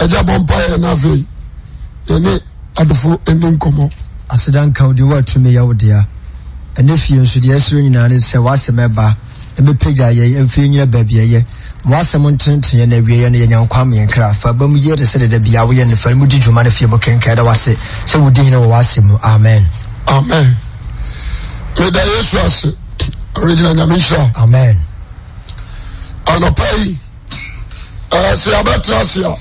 ɛgya bɔ mpa yɛ na afei yɛne adofo ɛne nkɔmmɔ aseda nka wo deɛ woatumi yɛ wo dea ɛne fie nso deɛ ɛsoro nyinaa ne sɛ woasɛm ɛba ɛbɛpagya yɛ mfie nyina baabi ɛyɛ ma woasɛm ntenteneɛ na awieɛ no yɛnyankwam yɛ nkra fa ba mu yie de sɛ deda bia woyɛ no fa no mudi dwuma no fie mu kenkae da wase sɛ wodi hene wɔ wase mu amen amen meda yesu ase regina nyame hyira amen anɔpa yi sɛ yɛbɛtena ase a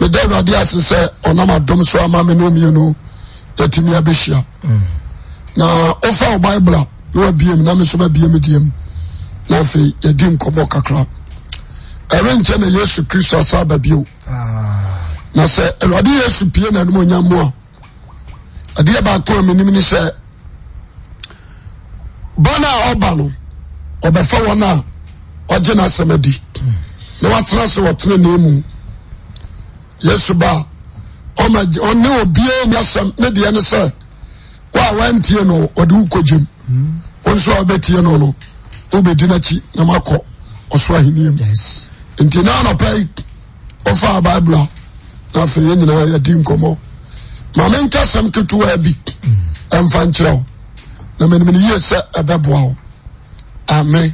meda awurade ase sɛ ɔnam adom so ama me ne omienu yɛtumi abɛhyia na ɔfa wo bible a na wabiem na meso mabiem diem na afei yɛdi nkɔmmɔ kakra ɛrenkyɛ na yesu kristo asa aba bio ah. na sɛ awurade yesu pie na animonyam mu a adeɛ baako a menim ne sɛ bɔn a ɔba no ɔbɛfa wɔn a ɔgye n'asɛm adi hmm. na watena so wɔtena ne mu yesu ba ɔne obiaa ni asɛm ne deɛ ne sɛ woa wantie no ɔde wo kɔgyem wo nso a wobɛtie no no wobɛdi nokyi na makɔ ɔsoro ahenniam nti na anɔpɛi ɔfaa bible a na afei yɛn nyinaa yɛdi nkɔmmɔ ma menka sɛm ketewaa bi ɛmfa nkyerɛ wo na menim no yie sɛ ɛbɛboa wo amen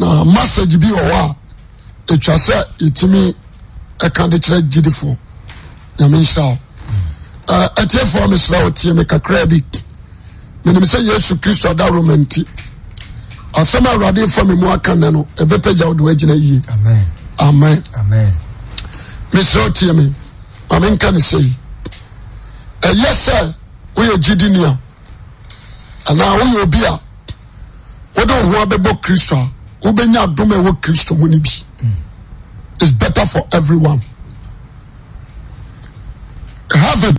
na message bi wɔ hɔ a ɛtwa sɛ yɛtumi ɛka de kyerɛ gyidifoɔ nyame nhyira wo ɛtiefoɔ mesrɛ wo tie me kakraa bi menim sɛ yesu kristo adawroma nti asɛm awurade fa me mu aka nɛ no ɛbɛpɛgya wo de woagyina yie amen mesrɛ wo tie me ma menka ne sɛi ɛyɛ sɛ woyɛ gyidini a anaa woyɛ obi a wode wo ho abɛbɔ kristo a wobɛnya adom a ɛwɔ kristo mu no bi is better for everyone. Heaven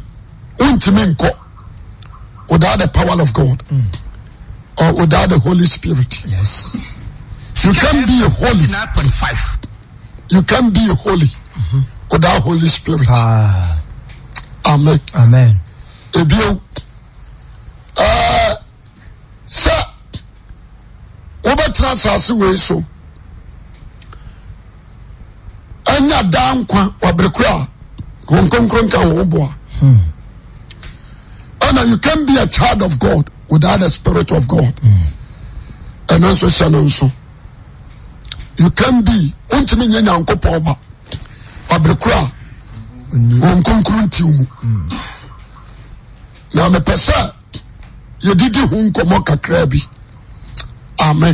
wontumi nkɔ without the power of God mm. or without the Holy Spirit. Yes. You can not be a holy. You can not be a holy mm-hmm. without Holy Spirit. Ah. Amen. Amen. Ebio, uh, eh, sir, wobɛtena asase so. anya daa nkwa wabere kor a wonkronkro ka howo boa hmm. na you can be a child of god without the spirit of god hmm. ɛno nso hiɛ no nso you can be wontimi yɛ nyankopɔn ba waberekora wonkonkro nti mu na mepɛ sɛ yɛdidi ho nkɔmmɔ kakra bi ame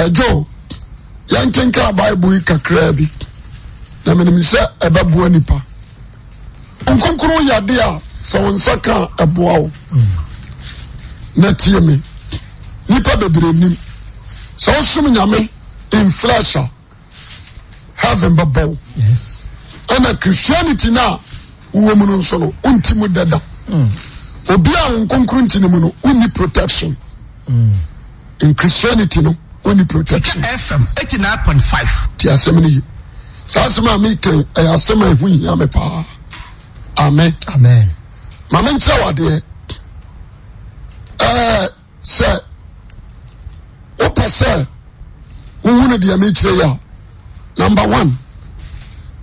ajo yɛnkenkaa bible yi kakraa bi na menimsɛ ɛbɛboa nipa nkonkro woyɛde a sɛ wo nsa kraa ɛboa wo na atie me nipa bebrɛ nim sɛ wosom nyame in flesh a heaven bɛbɔwo ɛna christianity no a wowo mu no nso no wonti mu dada mm. obiaa onkonkron ntini mu no wonni protection mm. in christianity no 5tiasɛmno yi saa se m a me kan ɛyɛ asɛm aho hia me paa ame ma menkyerɛ wadeɛ sɛ wobɛ sɛ wohuno deɛ me kyere yia numbe one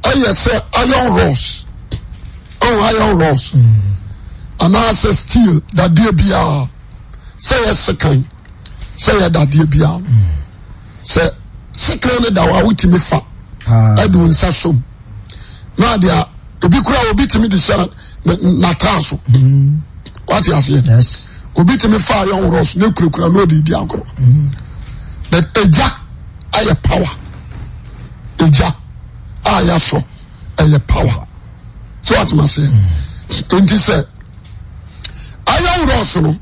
ɛyɛ sɛ ayon loss w ayon loss anaasɛ stell dadeɛ bia sɛ yɛsekan sɛ yɛ dadeɛ biara no sɛ sikire no da wa a wotumi fa ah. ɛde wo nsa som na deɛ obi kura obi tumi de hyɛ nataa so mm-hmm. wate aseɛ obi tumi fa ayɔ nworɔ so ne kurakura na ɔde di agorɔ mm-hmm. but egya ayɛ power egya a yɛsɔ ɛyɛ power sɛ wate ma seɛ mm-hmm. nti sɛ ayɔ nworɔ so no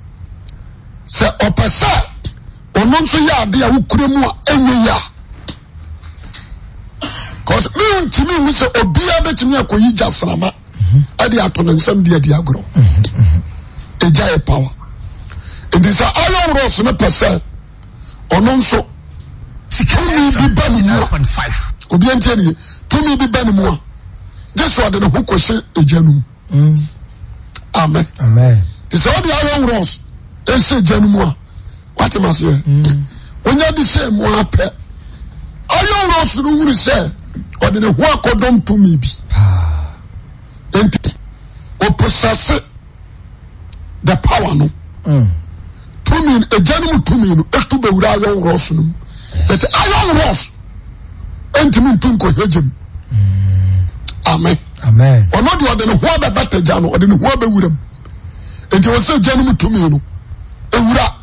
sɛ ɔpɛ sɛ ɔno nso yɛde a wo kramua we yi timi anmuan meodhoɔɛ a nɛa otiasɛ onya di sɛ moapɛ ayo wrs no weri sɛ ɔdene hoa kɔdom tumibi ah. nti ɔposase the power no ganom mm. t no tbwura aywrs no but ayowrs ntim tohgem ame nde ɔdene hoa bɛbata ga dhowr ntsɛ ganom tum no mm. wura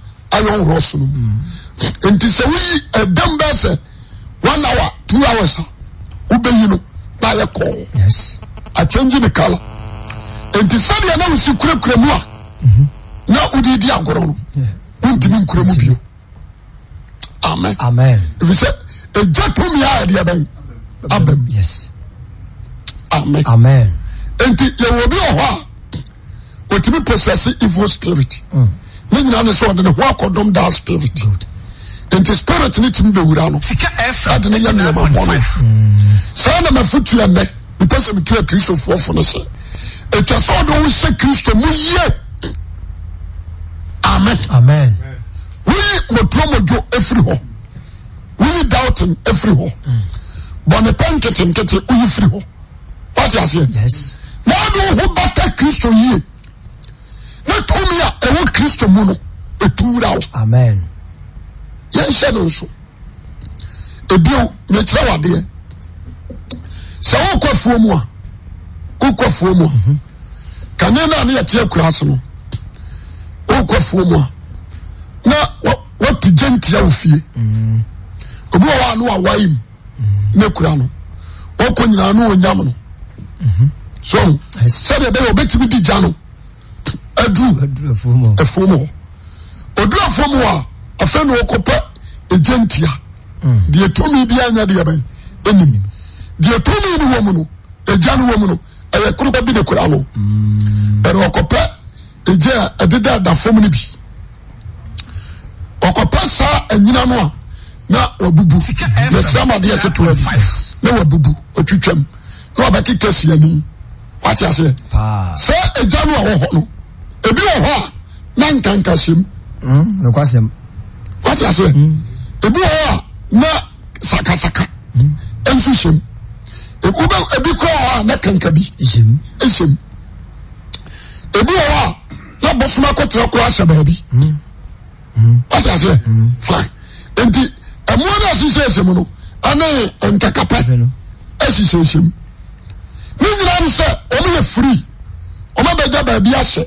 nti sɛ woyi ɛdɛm bɛ sɛ one hour to hours a wobɛyi no nayɛ kɔɔ acwɛngyi mika la enti sɛdeɛ na wosi kurakura mu a mhm. na wodedi agorɔ no wontimi nkura mu bio amn ifisɛ ɛgya tomiaa ɛdeɛbɛ am amen enti yɛwɔbi wɔ hɔ a ɔtimi possese evo scurity mm. eyinane sɛdene ho akɔdom da spirit nti spirit ne timih na tumi a ɛwɔ kristo mu no ɛtuwura wo amen yɛnhyɛ no nso ebio mekyerɛ wadeɛ sɛ wokɔ afuo mu a wokɔ afuo mu a mhm. kane no ne yɛte akura ase no wokɔ afuo mu a na watu gyantia wo fie mhm. obi wɔ hɔ a no mu mhm. ne kura no wɔkɔ nyinaa no ɔnyam no so sɛdeɛ ɛbɛyɛ wɔbɛtumi di gya no adu afom ɔdur afom afen kɔpɛ gyentia e iyne pɛ gye ddadan bi ɔkɔpɛ saa yina n a na wbub weasians sɛ gya no ah ebi wɔ hɔ a na nkanka hyɛm. nokwasɛm. wate aseɛ hmm. ebi wɔ hɔ a na sakasaka hmm. nso hyɛm ebi bɛ ebi kura hɔ a na kanka bi hyɛm ebi wɔ hɔ a na bɔsoma kɔtɔrɔ kura hyɛ baabi hmm. wate aseɛ fly. nti ɛmoa na asisɛ hyɛm no ɛne nkakapa asisɛ hyɛm ne nyinaa no sɛ wɔn yɛ free wɔn abɛgya baabi ahyɛ.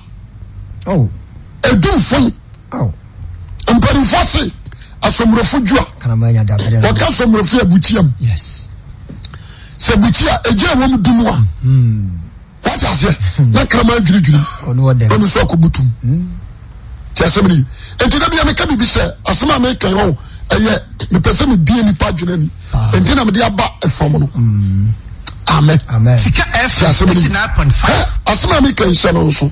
adumfom mparimfo se asomurofo dju awɔka asomurɔfo ɛ botiam sɛ butia ɛgyewom dumu a wataseɛ ne kramadwiridirim nso kɔ botm hmm. tiasɛmn ntd biameka birbi sɛ asm a meke ɛyɛ mepɛsɛ mebie nipa dinani ah. ntina mede aba fam no mɛ hmm. asm a mekemsɛ no nso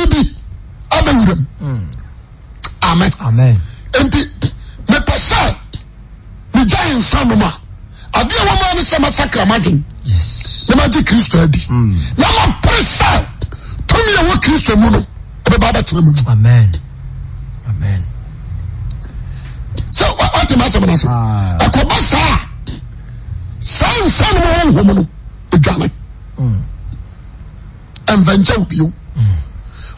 ne bi abɛwuram mm. amen nti mepɛ sɛ megya nsa nom a adeɛ wɔma ne sɛ masakra madwen na magye kristo adi mm. na mapere sɛ tumi ɛwɔ kristo mu no ɛbɛba bɛtena mu mu sɛ wate masɛm no ase ah. ɛkɔba saa a saa nsa nom wɔnhom no ɛdwane mm. ɛmfa wo bio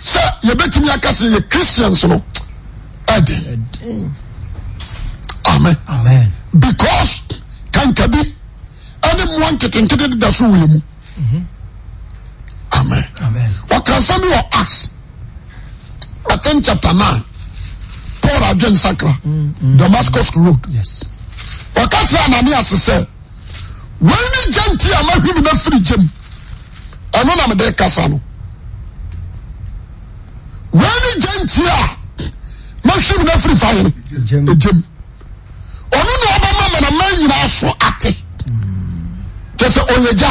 nsɛ yɛbɛtumi aka seyɛ christians no ɛde am because kanka bi ɛnemoa nketenkee deda so eem am ɔkrasa miɔas butan chapta na paul adwensakra damascus ad ka era aaease ɛ ineent maenofirigam nonamede kasa no weine gantiea mahwimuna firi fa yere gyem ɔnono bamamana ma e yina so ate kesɛ oyegya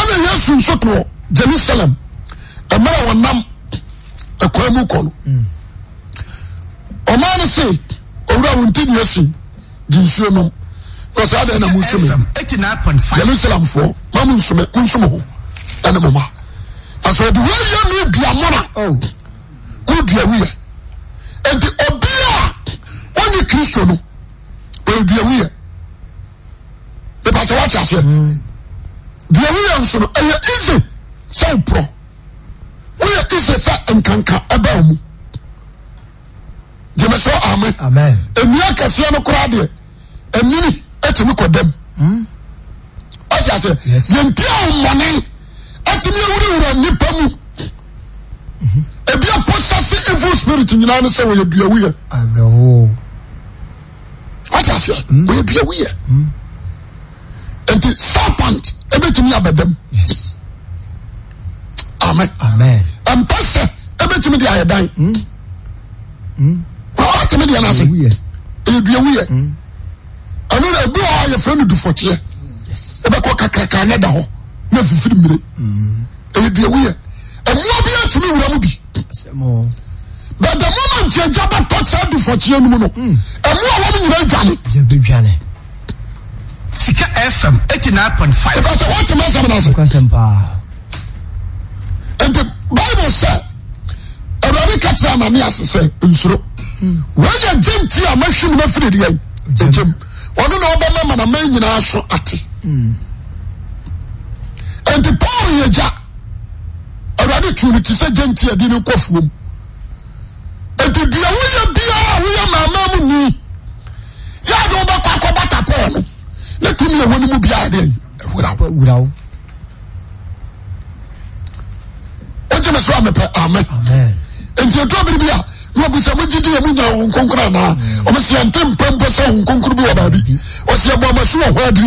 ana yesu nsoto jerusalem ɛmera e e wonam akoa mu kono ɔmane se owura wonteyasen gensuo no nasaadenna monsme jerusalemfomamonsom ho nasde hoyanduamona woduawiyɛ nti ɔbi a oye kristo no yɛduawi epawoaseɛ duawiye nsoo ɛyɛ se sɛwoporɔ woyɛ se sɛ nkanka baw mu demesɛ am nia kɛsiɛ a mitimm sɛ ntimɔn timi awurewura nipa mu ebiapo sase ivo spirit nyina n sɛ ɔyɛ duawuye yɛawu nt sapant bɛtimibam mpɛsɛ ɛtimi deɛyɛ dyɛfrnɛraah mua biatumi wura mu bi but e moment agyabɛɔsa du fɔ keɛ nm n mua wom nyina ame5 n bible sɛ aduade ka tra ananiase sɛ nsuro yɛ yenti a masemunafiriri ɔnena obɛmamana ma nyinaa so ate hmm. nte pa yɛya ade tumuti sɛ yentiadino kofm nti buawoye bira woyɛ mamamuni aeo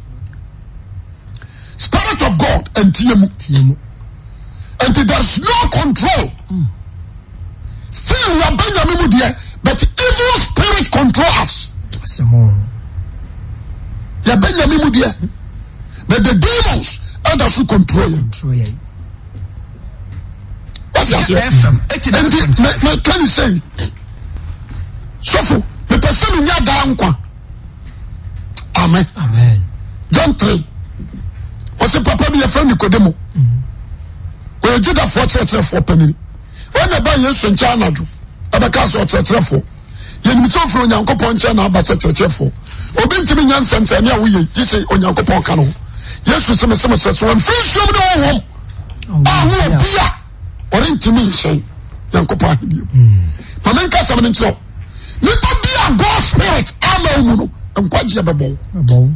spirit of god nnttheres no control still y benyaminmu d but evespirit control us ybenyaminmuduhe sntsof mesnya dank ɔsɛ papa bi yɛfrɛ nikodemo ɔyɛ gyidafoɔ kyerɛkyerɛfoɔ panini wɔn na ba yesu nkyɛn anadwo ɛbɛka sɛ ɔkyerɛkyerɛfoɔ yɛnim sɛ ofiri onyankopɔn nkyɛn na aba sɛ kyerɛkyerɛfoɔ obi ntumi nya nsɛntɛne a woyɛ gyi sɛ onyankopɔn ka no ho yesu sɛ mesɛ mesɛ so wɔmfiri nsuom ne wɔwɔm a ho obia ɔre ntumi nhyɛn nyankopɔn ahenniam ma menka sɛm ni nkyerɛ nipa bi god spirit ama wo no nkwagyeɛ bɛbɔ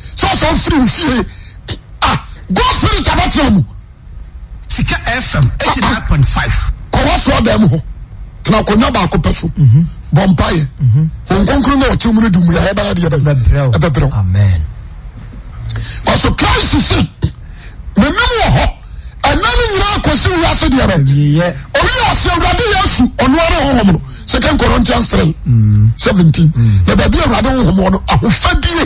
afa firi nfie ah god spirit abatena mu. sika fm eighty nine point five. kọ̀wá sọ dẹ́mu hɔ tena akonnwa baako pɛ so mhm. bɔ mpa yɛ nkonkoro na ɔkye mu no di mu yɛ ɛbɛyɛ deɛ bɛbrɛw ɛbɛbrɛw amen. kɔsɔ christ si mɛmi wɔ hɔ ɛnna no nyinaa kɔsi wiase deɛ bɛ oyi ɔsɛ awurade yɛ asu ɔnoara honhom no second corinthians three mm. seventeen na mm. baabi awurade honhom wɔ no ahofadie.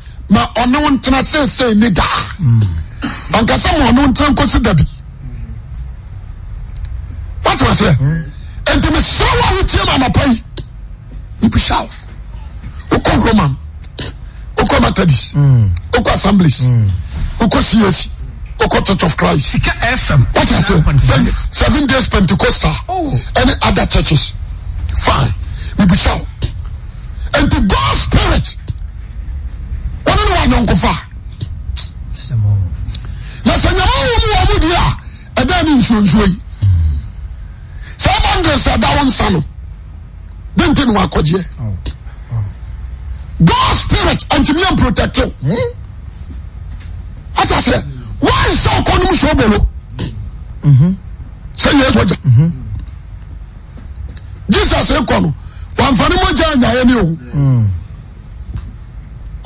na ɔne wo ntena seesei ne daa anka sɛ ma ɔne wo ntena nkɔsi da bi wate waseɛ enti mesrɛ wo a wotie no anapa yi mebisa wo wokɔ roman wokɔ methodist wokɔ hmm. assemblies wokɔ cac wokɔ church of christ wate aseɛ seven days pentecostal ɛne oh. other churches fine mebisa wo enti god spirit ne wanyɔnkofa na sɛ nyama wo mu wɔ mu deɛ a ɛda ne nsuonsuo yi sɛ wobɔndere sɛ ɛda wo nsa no dente ne wakɔgyeɛ god spirit antimi yɛ protective asa sɛ wansa ɔkɔ nom sɛ wobolo mhm. sɛ yɛ sogya mhm. jesus ɛkɔ no wamfa ne mɔgya anyaeɛ ne o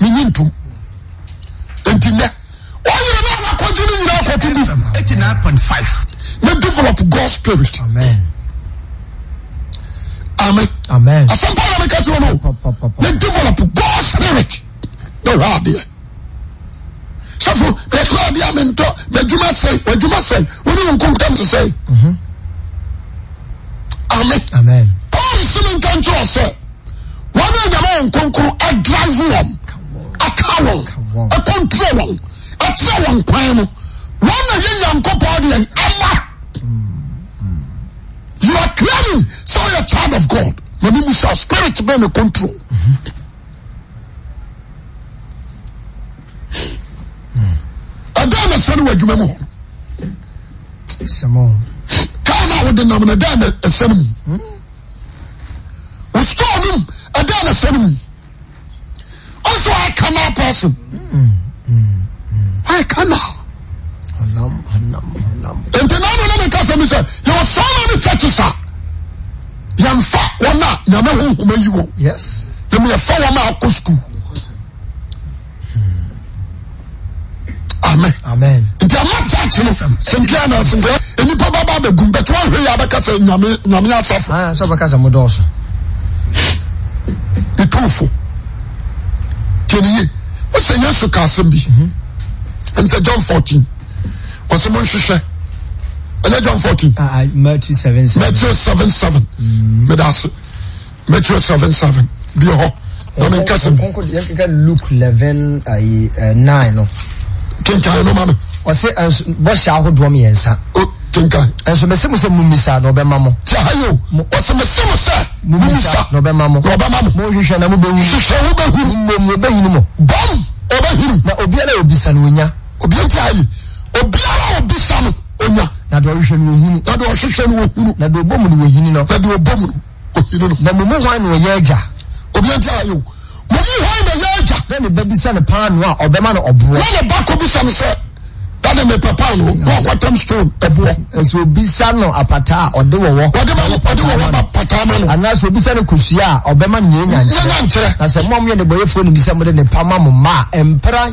menyi ntom enti nɛ ɔyere no anakɔgye develop god spirit Amen. Amen. Amen. Asɛmpa na meka kyerɛ no ne develop god spirit ne vous adeɛ sɛfo to adeɛ a mentɔ madwuma sɛe wadwuma sɛe wone wo mhm. Amen. Paul sɛ menka nkyerɛ sɛ wɔne nyama wo nkonkro adrive wɔm trwn naeyankma acranin sɛyɛchid of god anspiritn ntlnsn so I cannot person. Mm, mm, mm. I cannot. nti na ɔno ne ka sɛ mi sɛ yɛwɔ saa na ne churches a yɛmfa wɔn a nyame honhom ayi wɔ na mu yɛfa wɔn a akɔ sukuu amen amen nti ama church no sinkia na sinkia enipa baba abegum bɛtɛ wɔn ahwɛ yɛ abɛka sɛ nyame nyame asafo ɛtɔɔfo. Ah, tiɛniye o yesu ka asɛm bi ɛnsɛ john fourteen wɔsɛ mo nhwehwɛ ɛnyɛ john fourteen ah, ah, matthew seven seven matthew seven seven medase mm. matthew seven seven bi hɔ na mi nkasa bi. yɛkeka luke eleven ayi eh, nine no. kinkan no ma no. ɔsɛ bɔhyɛ ahodoɔ mmiɛnsa tinkan. ẹsùn mẹsẹ mọ mumisa mu misa na ọbẹ ma mọ. ti ha yi o ọsẹ mẹsẹ mọ sẹ mu misa na ọbẹ ma mọ. na ọbẹ ma mo hwehwẹ na mo bẹ wuli. hwehwẹ wo bẹ huru. mo mu o bẹ yinu mọ. bọm o bẹ huru. na obiara yẹ obisa na onya. obiara ti ayi obiara obisa no onya. na de ɔhwehwɛ no ohunu. na de ɔhwehwɛ no ohunu. na de obɔ mu no ohini no. na de obɔ mu no ohini no. na mo mu hwan na ɔyɛ ɛgya. obiara ti ayi o mo mu hwan na ɔyɛ ɛgya. na ne ba bisa ne paanu a ɔbɛma no ɔboɔ. na ne ba kɔ bisa no sɛ sɛ obisa no apataa a ɔde wɔwɔanaasɛ obisa no kosua a ɔbɛma nyɛnya nkyr na sɛ moamoyɛ ne bɔyɛfo ne misa mude ne pa ma mo maa mpram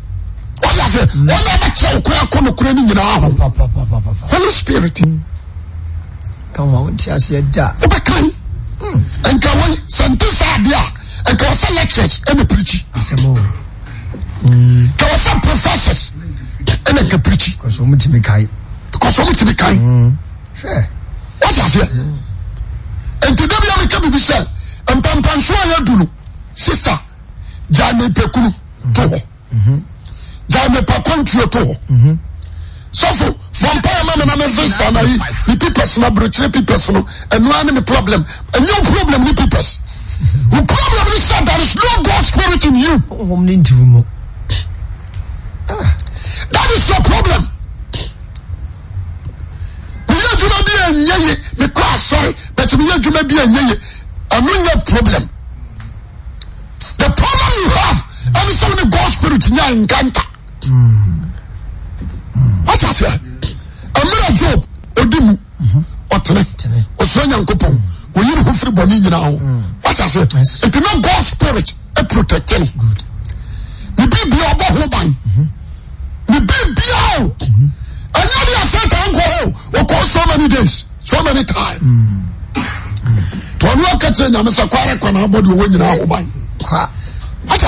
bekekrnn yinaholy spiritkaectese pfessermetnke bse papasudo siste amepakr gya mepa kɔntue to hɔ sɔfo fɔmpa ɛma me mm-hmm. na memfe sa na yi me pipes na aburokyerɛ pipes no ɛnoa ne me problem ɛnyɛ wo problem ne pipes wo problem ne sɛ there is no god spirit in you that is your problem meyɛ adwuma bi anyɛ ye mekɔ asɔre but meyɛ adwuma bi anyɛ ye ɛno nyɛ problem the problem you have ɛne sɛ wo ne god spirit nyɛ nkanta wọ́n ti sẹ́ ẹ̀mìrà job odi mu ọ̀tẹ̀rẹ̀ ọ̀sẹ̀rẹ̀ nyankopọ̀ òyìn ní hufiri bọ̀ ní nyinaa o wọ́n ti sẹ́ ètò náà god spirit ẹ̀ protect ẹ̀ ní bí bí ọbọ̀ hó ban ní bí bí ọ̀ ẹ̀yìn ọdí ẹ̀sẹ̀ tà ń kọ̀ ọ̀ ọkọ̀ so many days so many times mm. tọ́ni ọ̀kẹ́tìrẹ̀ nyàmísà kọ́ ayẹ́kọ̀ọ́ náà bọ̀ di owó nyinaa hó ban wọ́n ti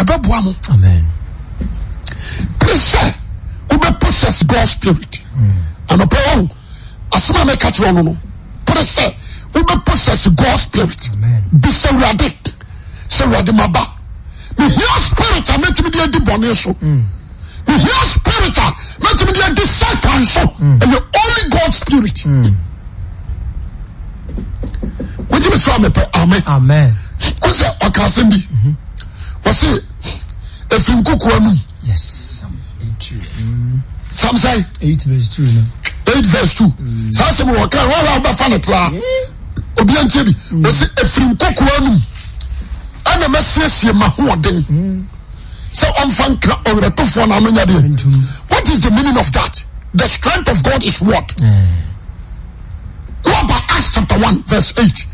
ɛbɛboa mo pere sɛ wobɛ possess god spirit hmm. anpa o oh, asem a mɛka kewɛ no no pere sɛ wobɛ possess god spirit bisɛ wurade sɛ wurade maba mehiw spirit a metimi de ade bɔneso mehi spirit a metimi de adi ciplenso ɛyɛ oly god spirit wetimesoamepɛ ame osɛ ɔka asɛm bi s fr s frkk n nmsse a mm. mm. whatis the meaning of that the stregth ofois ha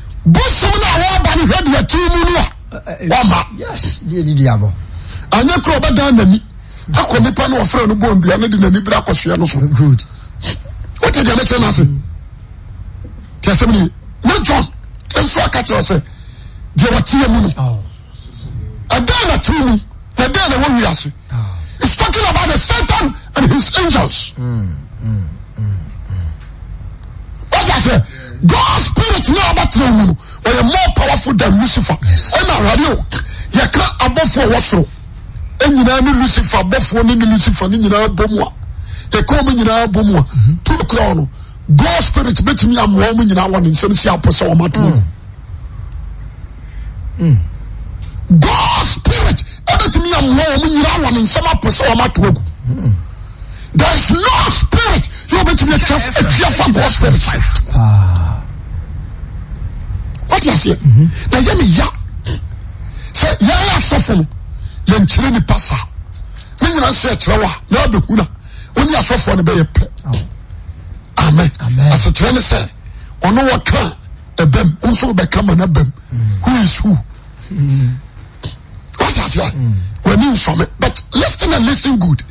bosom no a wɔba no hwɛ deɛ tiri mu no a wɔma anyɛ kura ɔbɛdan n'ani akɔ nipa no ɔfrɛ no bɔɔ ndua no de n'ani bere akɔ soa no so wote deɛ mɛkyerɛ no ase nti asɛm ne na john nso aka kyerɛ sɛ deɛ wɔteɛ mu no oh. ɛdan na tiri mu na ɛdan na wɔwi ase It's oh. talking about the Satan and his angels. Mm, mm, mm, mm. that? go spirit ne atamu n ɔyɛ mo powerf tan luciferɛn yɛra abɔfuɔwɔ sor yina ne luife ɔife spiritɛiayinansɛɛsɛ go spirit bɛtumi amoaɔmu yina wɔne nsɛm apsɛ matoagu ees no spirit aɛs na aau s ist g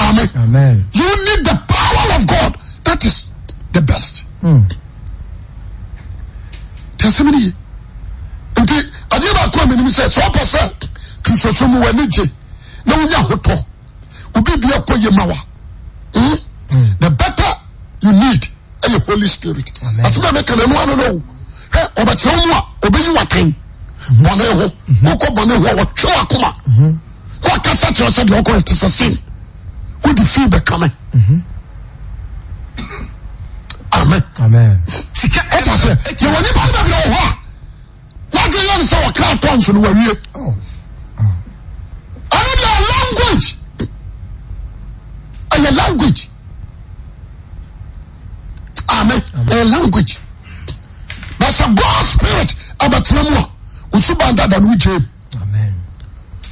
Amen. You need the power of God. That is the best. Hmm. Testimony. yìí. Nti adeɛ baako a mɛnim "So sɛ ɔpɛ sɛ kristoso mu w'ani gye na wonya ahotɔ obi bi akɔ yie ma wa. Hmm? Hmm. The better you need ɛyɛ holy spirit. Asome a mɛka na ɛnua no no o. Hɛ ɔbɛkyerɛ mu a obeyi wa ten. kuma wakasa kyerɛ sɛ deɛ ɔkɔyɛ te sɛ sin wode fii bɛka me mhm. amen wata sɛ yɛwɔ nipa no bɛbrɛ wɔ hɔ a wadwe yɛ sɛ wɔkra tɔ nso no wawie oh. ɛno deɛ language ɛyɛ language amen ɛyɛ language na sɛ god spirit abɛtena mu a wo so bandada no wogyee mu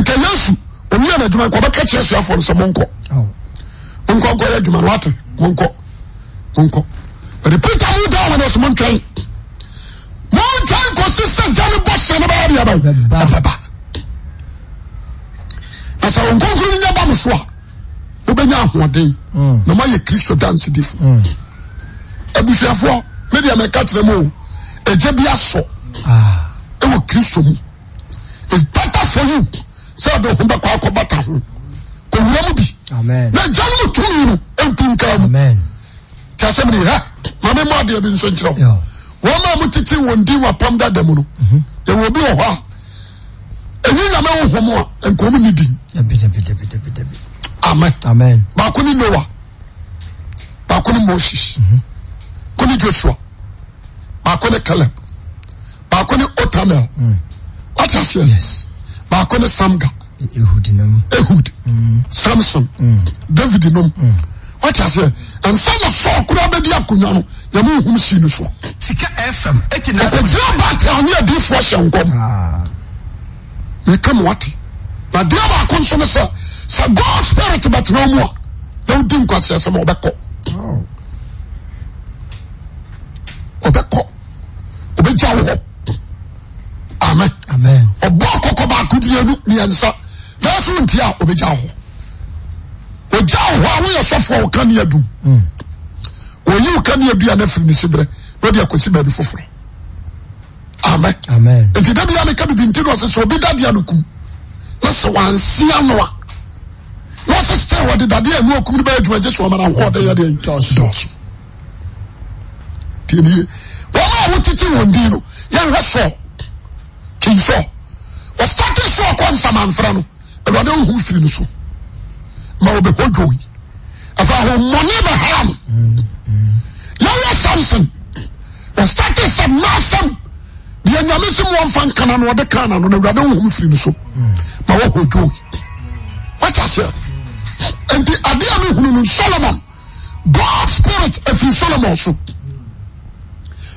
nka yesu owie na adwuma nkɔ ɔbɛka kyerɛ suafoɔ no sɛ monkɔ monkɔ nkɔ yɛ adwuma no wate monkɔ monkɔ ɛde peter mu da ɔma no so montwɛn montwɛn kɔsi sɛ gya ne bɔhyɛ no bɛyɛ deɛ bɛyɛ ɛbɛba na sɛ nkonkoro no nyɛ ba mo so a wobɛnya ahoɔden mm. na moayɛ kristo danse difo mm. abusuafoɔ medeɛ mɛka kyerɛ mu o ɛgya bi asɔ ah. ɛwɔ kristo mu It's better for you sɛ ɔde ho bɛkɔ akɔ bata ho kɔwura mu bi na gya no mu tumi no ntinka mu ka sɛ mene ha mame mmɔ adeɛ bi nso nkyerɛ wo wɔn a motete wɔn din wapam dada mu no mhm. yɛwɔ bi wɔ hɔ a ɛni nyame honhom a nkɔm ne din amen baako ne noa baako ne moses mhm. ko ne joshua baako ne caleb baako ne otanel mm. wate aseɛ ako ne samga hd mm. samson davidno ɛ nsasɔ kra aoa ymho si no sbaneadfoɔ sɛnk kamowa adeɛm sosɛ o spirit batenawm a n wnssɛ amen ɔbɔ akɔkɔ baako mmienu mmiɛnsa nanso nti a obɛgya hɔ ogya hɔ a woyɛ sɔfoɔ wo ka ne adum oyi wo ka ne adua no afiri ne siberɛ na ɔde akɔsi baabi foforɔ amen nti da bia meka bibi nti no ɔse sɛ obi dadeɛ no kum na sɛ wansia no a na ɔse sɛ wɔde dadeɛ mu okum no bɛyɛ adwuma gye sɛ ɔmana hɔ ɔdɛ yɛdeɛ dɔɔso tinie wɔn a wotete wɔn din no yɛnhwɛ sɔɔ satsokɔ sammfra no awurde ohomfiri nso maɛhɔwhɔeɛɛss asɛnasɛ ba nyamesomɔ fa nkananoeaneeanohununosolomn god spirit afisolomn so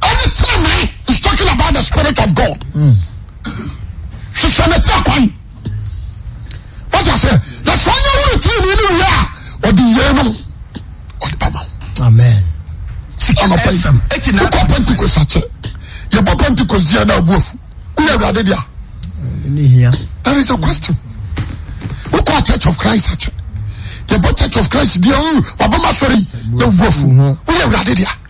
eaetrew de ye sst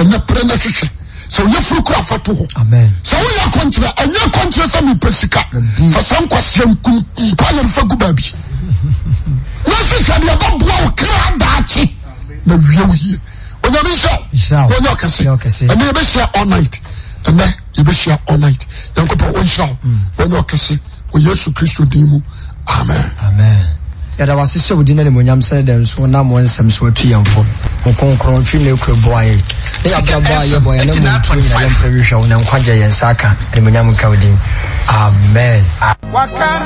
ɛne pre n hwehwɛ sɛwyɛ forkurfath r erye hwehwɛ dkrkwe sy nt ɛ yɛɛi nit yankp hyer wne kse yesu kristodemu amen yɛda wase hyɛ wodi na sɛne dɛ nso na mo nsɛm so atu yɛmfo wo kronkron firi ne kuro boa ne yɛbrabɔ a yɛbɔ yɛ ne nyina yɛmprɛ wehwɛ wo na nkwagye yɛn nsa aka animonyam nka wo din amen waka